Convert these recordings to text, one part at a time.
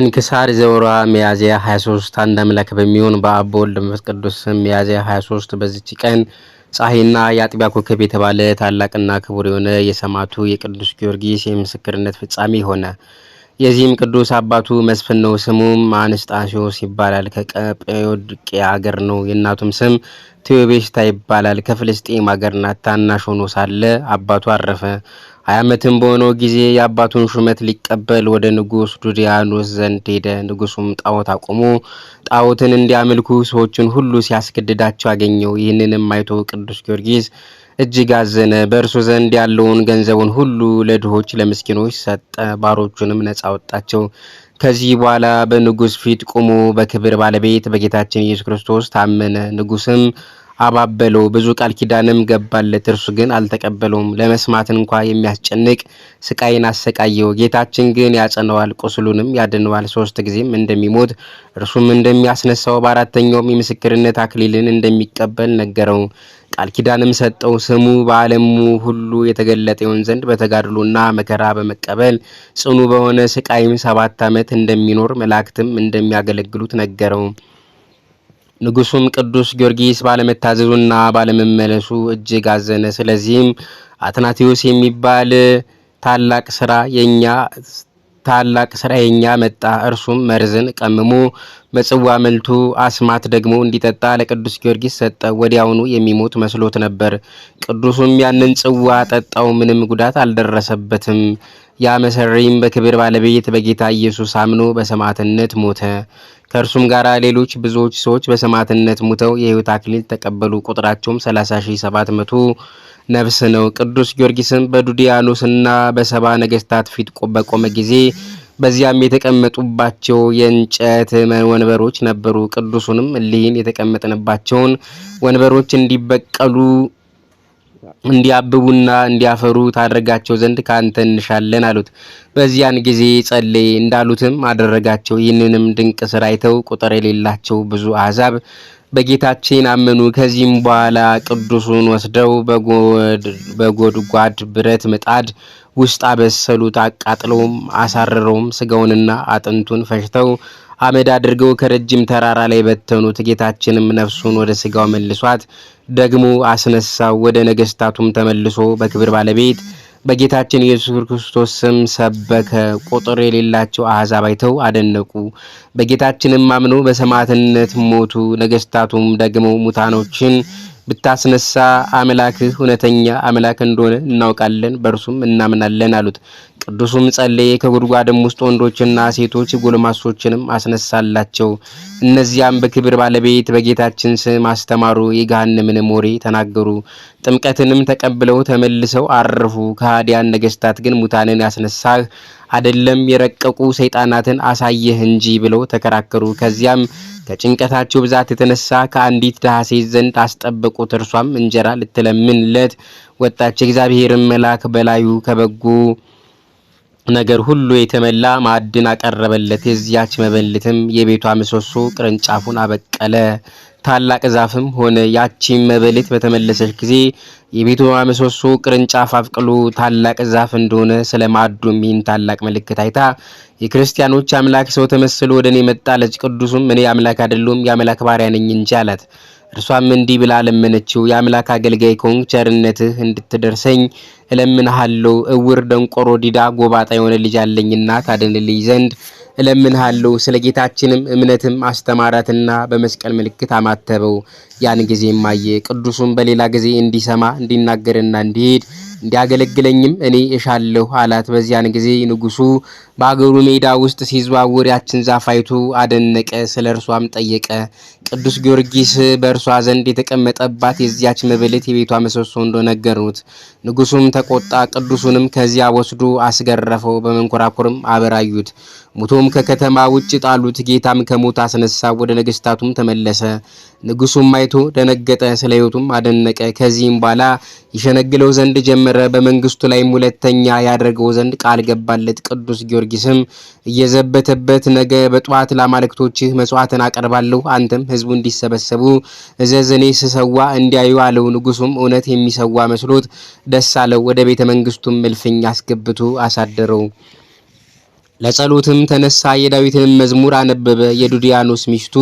እንክሳር ዘወርሃ ሚያዝያ 23 አንድ አምላክ በሚሆን በአብ ወልድ ቅዱስ ስም ሚያዝያ 23 በዚች ቀን ፀሐይና የአጥቢያ ኮከብ የተባለ ታላቅና ክቡር የሆነ የሰማዕቱ የቅዱስ ጊዮርጊስ የምስክርነት ፍጻሜ ሆነ። የዚህም ቅዱስ አባቱ መስፍን ነው። ስሙም አንስጣሴዎስ ይባላል። ከቀጰዶቅያ አገር ነው። የእናቱም ስም ቴዮቤሽታ ይባላል። ከፍልስጤም አገር ናት። ታናሽ ሆኖ ሳለ አባቱ አረፈ። ሀያ ዓመትም በሆነው ጊዜ የአባቱን ሹመት ሊቀበል ወደ ንጉስ ዱድያኖስ ዘንድ ሄደ። ንጉሱም ጣዖት አቁሙ፣ ጣዖትን እንዲያመልኩ ሰዎችን ሁሉ ሲያስገድዳቸው አገኘው። ይህንንም አይቶ ቅዱስ ጊዮርጊስ እጅግ አዘነ። በእርሱ ዘንድ ያለውን ገንዘቡን ሁሉ ለድሆች፣ ለምስኪኖች ሰጠ። ባሮቹንም ነጻ አወጣቸው። ከዚህ በኋላ በንጉሥ ፊት ቆሞ በክብር ባለቤት በጌታችን ኢየሱስ ክርስቶስ ታመነ። ንጉስም አባበለው። ብዙ ቃል ኪዳንም ገባለት፣ እርሱ ግን አልተቀበለውም። ለመስማት እንኳ የሚያስጨንቅ ስቃይን አሰቃየው። ጌታችን ግን ያጸነዋል፣ ቁስሉንም ያድነዋል። ሶስት ጊዜም እንደሚሞት እርሱም እንደሚያስነሳው በአራተኛውም የምስክርነት አክሊልን እንደሚቀበል ነገረው። ቃል ኪዳንም ሰጠው። ስሙ በዓለሙ ሁሉ የተገለጠ ይሆን ዘንድ በተጋድሎና መከራ በመቀበል ጽኑ በሆነ ስቃይም ሰባት ዓመት እንደሚኖር መላእክትም እንደሚያገለግሉት ነገረው። ንጉሱም ቅዱስ ጊዮርጊስ ባለመታዘዙና ባለመመለሱ እጅግ አዘነ። ስለዚህም አትናቴዎስ የሚባል ታላቅ ስራ የኛ ታላቅ ስራ የኛ መጣ። እርሱም መርዝን ቀምሞ መጽዋ መልቶ አስማት ደግሞ እንዲጠጣ ለቅዱስ ጊዮርጊስ ሰጠ። ወዲያውኑ የሚሞት መስሎት ነበር። ቅዱሱም ያንን ጽዋ ጠጣው፣ ምንም ጉዳት አልደረሰበትም። ያ መሰሪም በክብር ባለቤት በጌታ ኢየሱስ አምኖ በሰማዕትነት ሞተ። ከእርሱም ጋር ሌሎች ብዙዎች ሰዎች በሰማዕትነት ሙተው የሕይወት አክሊል ተቀበሉ። ቁጥራቸውም 30700 ነፍስ ነው። ቅዱስ ጊዮርጊስም በዱዲያኖስና በሰባ ነገስታት ፊት በቆመ ጊዜ በዚያም የተቀመጡባቸው የእንጨት ወንበሮች ነበሩ። ቅዱሱንም እሊህን የተቀመጥንባቸውን ወንበሮች እንዲበቀሉ እንዲያብቡና እንዲያፈሩ ታደርጋቸው ዘንድ ከአንተ እንሻለን አሉት። በዚያን ጊዜ ጸልይ እንዳሉትም አደረጋቸው። ይህንንም ድንቅ ስራ አይተው ቁጥር የሌላቸው ብዙ አሕዛብ በጌታችን አመኑ። ከዚህም በኋላ ቅዱሱን ወስደው በጎድጓድ ብረት ምጣድ ውስጥ አበሰሉት። አቃጥለውም አሳረረውም። ስጋውንና አጥንቱን ፈሽተው አመድ አድርገው ከረጅም ተራራ ላይ በተኑት። ጌታችንም ነፍሱን ወደ ስጋው መልሷት ደግሞ አስነሳው። ወደ ነገስታቱም ተመልሶ በክብር ባለቤት በጌታችን ኢየሱስ ክርስቶስ ስም ሰበከ። ቁጥር የሌላቸው አሕዛብ አይተው አደነቁ። በጌታችንም አምኖ በሰማዕትነት ሞቱ። ነገስታቱም ደግሞ ሙታኖችን ብታስነሳ አምላክህ እውነተኛ አምላክ እንደሆነ እናውቃለን፣ በእርሱም እናምናለን አሉት። ቅዱሱም ጸለየ። ከጉድጓድም ውስጥ ወንዶችና ሴቶች ጎልማሶችንም አስነሳላቸው። እነዚያም በክብር ባለቤት በጌታችን ስም አስተማሩ፣ የገሃነምንም ወሬ ተናገሩ። ጥምቀትንም ተቀብለው ተመልሰው አረፉ። ከሃዲያን ነገስታት ግን ሙታንን ያስነሳህ አይደለም የረቀቁ ሰይጣናትን አሳየህ እንጂ ብለው ተከራከሩ። ከዚያም ከጭንቀታቸው ብዛት የተነሳ ከአንዲት ድሃ ሴት ዘንድ አስጠበቁት። እርሷም እንጀራ ልትለምንለት ወጣች። የእግዚአብሔርን መልአክ በላዩ ከበጎ ነገር ሁሉ የተመላ ማዕድን አቀረበለት። የዚያች መበልትም የቤቷ ምሰሶ ቅርንጫፉን አበቀለ፣ ታላቅ ዛፍም ሆነ። ያቺም መበልት በተመለሰች ጊዜ የቤቷ ምሰሶ ቅርንጫፍ አብቅሎ ታላቅ ዛፍ እንደሆነ ስለ ማዕዱም ይህን ታላቅ ምልክት አይታ የክርስቲያኖች አምላክ ሰው ተመስሎ ወደ እኔ መጣለች። ቅዱሱም እኔ አምላክ አይደለሁም የአምላክ ባሪያ ነኝ እንጂ አላት። እርሷም እንዲህ ብላ ለመነችው፣ የአምላክ አገልጋይ ከሆንክ ቸርነትህ እንድትደርሰኝ እለምንሃለሁ። እውር፣ ደንቆሮ፣ ዲዳ፣ ጎባጣ የሆነ ልጅ አለኝና ታድንልኝ ዘንድ እለምንሃለሁ። ስለ ጌታችንም እምነትም አስተማራትና በመስቀል ምልክት አማተበው። ያን ጊዜም አየ። ቅዱሱም በሌላ ጊዜ እንዲሰማ እንዲናገርና እንዲሄድ እንዲያገለግለኝም እኔ እሻለሁ አላት። በዚያን ጊዜ ንጉሱ በአገሩ ሜዳ ውስጥ ሲዘዋወር ያችን ዛፍ አይቶ አደነቀ። ስለ እርሷም ጠየቀ። ቅዱስ ጊዮርጊስ በእርሷ ዘንድ የተቀመጠባት የዚያች መብልት የቤቷ ምሰሶ እንደነገሩት። ንጉሱም ተቆጣ። ቅዱሱንም ከዚያ ወስዶ አስገረፈው፣ በመንኮራኩርም አበራዩት። ሙቶም ከከተማ ውጭ ጣሉት። ጌታም ከሞት አስነሳ፣ ወደ ነገስታቱም ተመለሰ። ንጉሱም አይቶ ደነገጠ፣ ስለ ሕይወቱም አደነቀ። ከዚህም በኋላ ይሸነግለው ዘንድ ጀመረ። በመንግስቱ ላይም ሁለተኛ ያደርገው ዘንድ ቃል ገባለት። ቅዱስ ጊዮርጊስም እየዘበተበት ነገ በጠዋት ላማልክቶችህ መስዋዕትን አቀርባለሁ አንተም ህዝቡ እንዲሰበሰቡ እዘዝ እኔ ስሰዋ እንዲያዩ አለው። ንጉሱም እውነት የሚሰዋ መስሎት ደስ አለው። ወደ ቤተ መንግስቱም እልፍኝ አስገብቶ አሳደረው። ለጸሎትም ተነሳ። የዳዊትንም መዝሙር አነበበ። የዱዲያኖስ ሚስቱ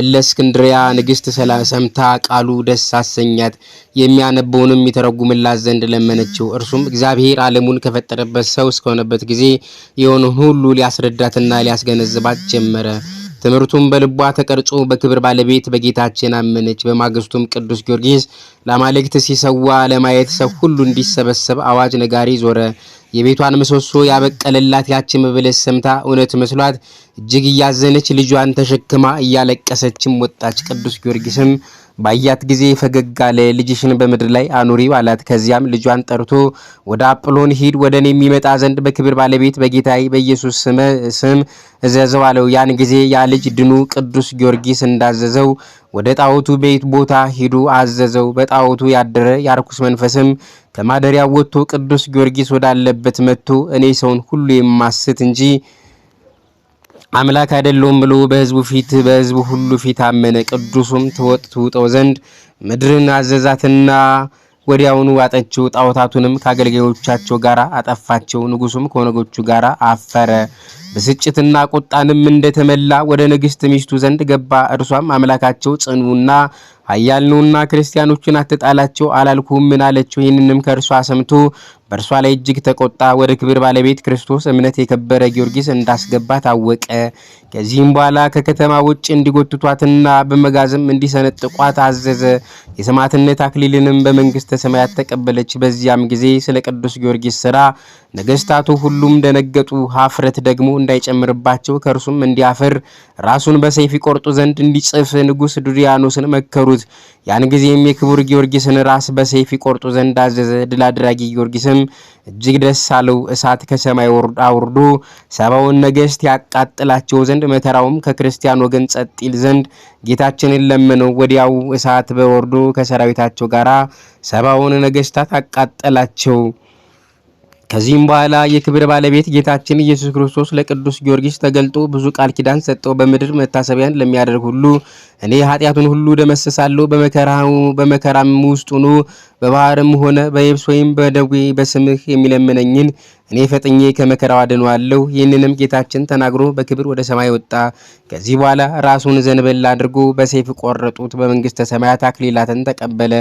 እለእስክንድርያ ንግስት ሰምታ ቃሉ ደስ አሰኛት። የሚያነበውንም ይተረጉምላት ዘንድ ለመነችው። እርሱም እግዚአብሔር ዓለሙን ከፈጠረበት ሰው እስከሆነበት ጊዜ የሆነውን ሁሉ ሊያስረዳትና ሊያስገነዝባት ጀመረ። ትምህርቱም በልቧ ተቀርጾ በክብር ባለቤት በጌታችን አመነች። በማግስቱም ቅዱስ ጊዮርጊስ ለአማልክት ሲሰዋ ለማየት ሰው ሁሉ እንዲሰበሰብ አዋጅ ነጋሪ ዞረ። የቤቷን ምሰሶ ያበቀለላት ያቺ መበለስ ሰምታ እውነት መስሏት እጅግ እያዘነች ልጇን ተሸክማ እያለቀሰችም ወጣች። ቅዱስ ጊዮርጊስም ባያት ጊዜ ፈገግ አለ። ልጅሽን በምድር ላይ አኑሪው አላት። ከዚያም ልጇን ጠርቶ ወደ አጵሎን ሂድ፣ ወደ እኔ የሚመጣ ዘንድ በክብር ባለቤት በጌታዬ በኢየሱስ ስም እዘዘው አለው። ያን ጊዜ ያ ልጅ ድኑ ቅዱስ ጊዮርጊስ እንዳዘዘው ወደ ጣዖቱ ቤት ቦታ ሂዱ አዘዘው። በጣዖቱ ያደረ የአርኩስ መንፈስም ከማደሪያው ወጥቶ ቅዱስ ጊዮርጊስ ወዳለበት መጥቶ እኔ ሰውን ሁሉ የማስት እንጂ አምላክ አይደለውም ብሎ በህዝቡ ፊት በህዝቡ ሁሉ ፊት አመነ። ቅዱሱም ትወጥውጠው ዘንድ ምድርን አዘዛትና ወዲያውኑ ዋጠችው። ጣዖታቱንም ከአገልጋዮቻቸው ጋር አጠፋቸው። ንጉሱም ከወነጎቹ ጋር አፈረ። ብስጭትና ቁጣንም እንደተመላ ወደ ንግስት ሚስቱ ዘንድ ገባ። እርሷም አምላካቸው ጽኑና ኃያል ነውና ክርስቲያኖችን አትጣላቸው ምን አለችው። ይህንንም ከእርሷ ሰምቶ በእርሷ ላይ እጅግ ተቆጣ። ወደ ክብር ባለቤት ክርስቶስ እምነት የከበረ ጊዮርጊስ እንዳስገባ ታወቀ። ከዚህም በኋላ ከከተማ ውጭ እንዲጎትቷትና በመጋዝም እንዲሰነጥቋት አዘዘ። የሰማዕትነት አክሊልንም በመንግስተ ሰማያት ተቀበለች። በዚያም ጊዜ ስለ ቅዱስ ጊዮርጊስ ስራ ነገስታቱ ሁሉም ደነገጡ። ሀፍረት ደግሞ እንዳይጨምርባቸው ከእርሱም እንዲያፍር ራሱን በሰይፍ ይቆርጡ ዘንድ እንዲጽፍ ንጉስ ዱድያኖስን መከሩት። ያን ጊዜም የክቡር ጊዮርጊስን ራስ በሰይፍ ይቆርጡ ዘንድ አዘዘ። ድል አድራጊ ጊዮርጊስም ሲያርም እጅግ ደስ አለው። እሳት ከሰማይ አውርዶ ሰባውን ነገሥት ያቃጥላቸው ዘንድ መከራውም ከክርስቲያን ወገን ጸጥ ይል ዘንድ ጌታችንን ለመነው። ወዲያው እሳት በወርዶ ከሰራዊታቸው ጋር ሰባውን ነገሥታት አቃጠላቸው። ከዚህም በኋላ የክብር ባለቤት ጌታችን ኢየሱስ ክርስቶስ ለቅዱስ ጊዮርጊስ ተገልጦ ብዙ ቃል ኪዳን ሰጠው። በምድር መታሰቢያን ለሚያደርግ ሁሉ እኔ ኃጢአቱን ሁሉ ደመሰሳለሁ፣ በመከራም ውስጥ ሆኖ በባህርም ሆነ በየብስ ወይም በደዌ በስምህ የሚለምነኝን እኔ ፈጥኜ ከመከራው አድነዋለሁ። ይህንንም ጌታችን ተናግሮ በክብር ወደ ሰማይ ወጣ። ከዚህ በኋላ ራሱን ዘንበል አድርጎ በሰይፍ ቆረጡት። በመንግስተ ሰማያት አክሊላትን ተቀበለ።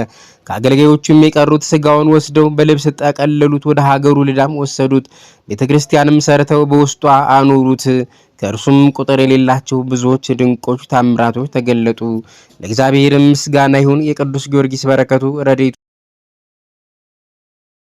ከአገልጋዮቹም የቀሩት ስጋውን ወስደው በልብስ ጠቀለሉት፣ ወደ ሀገሩ ልዳም ወሰዱት። ቤተ ክርስቲያንም ሰርተው በውስጧ አኖሩት። ከእርሱም ቁጥር የሌላቸው ብዙዎች ድንቆች ታምራቶች ተገለጡ። ለእግዚአብሔርም ምስጋና ይሁን። የቅዱስ ጊዮርጊስ በረከቱ ረዴቱ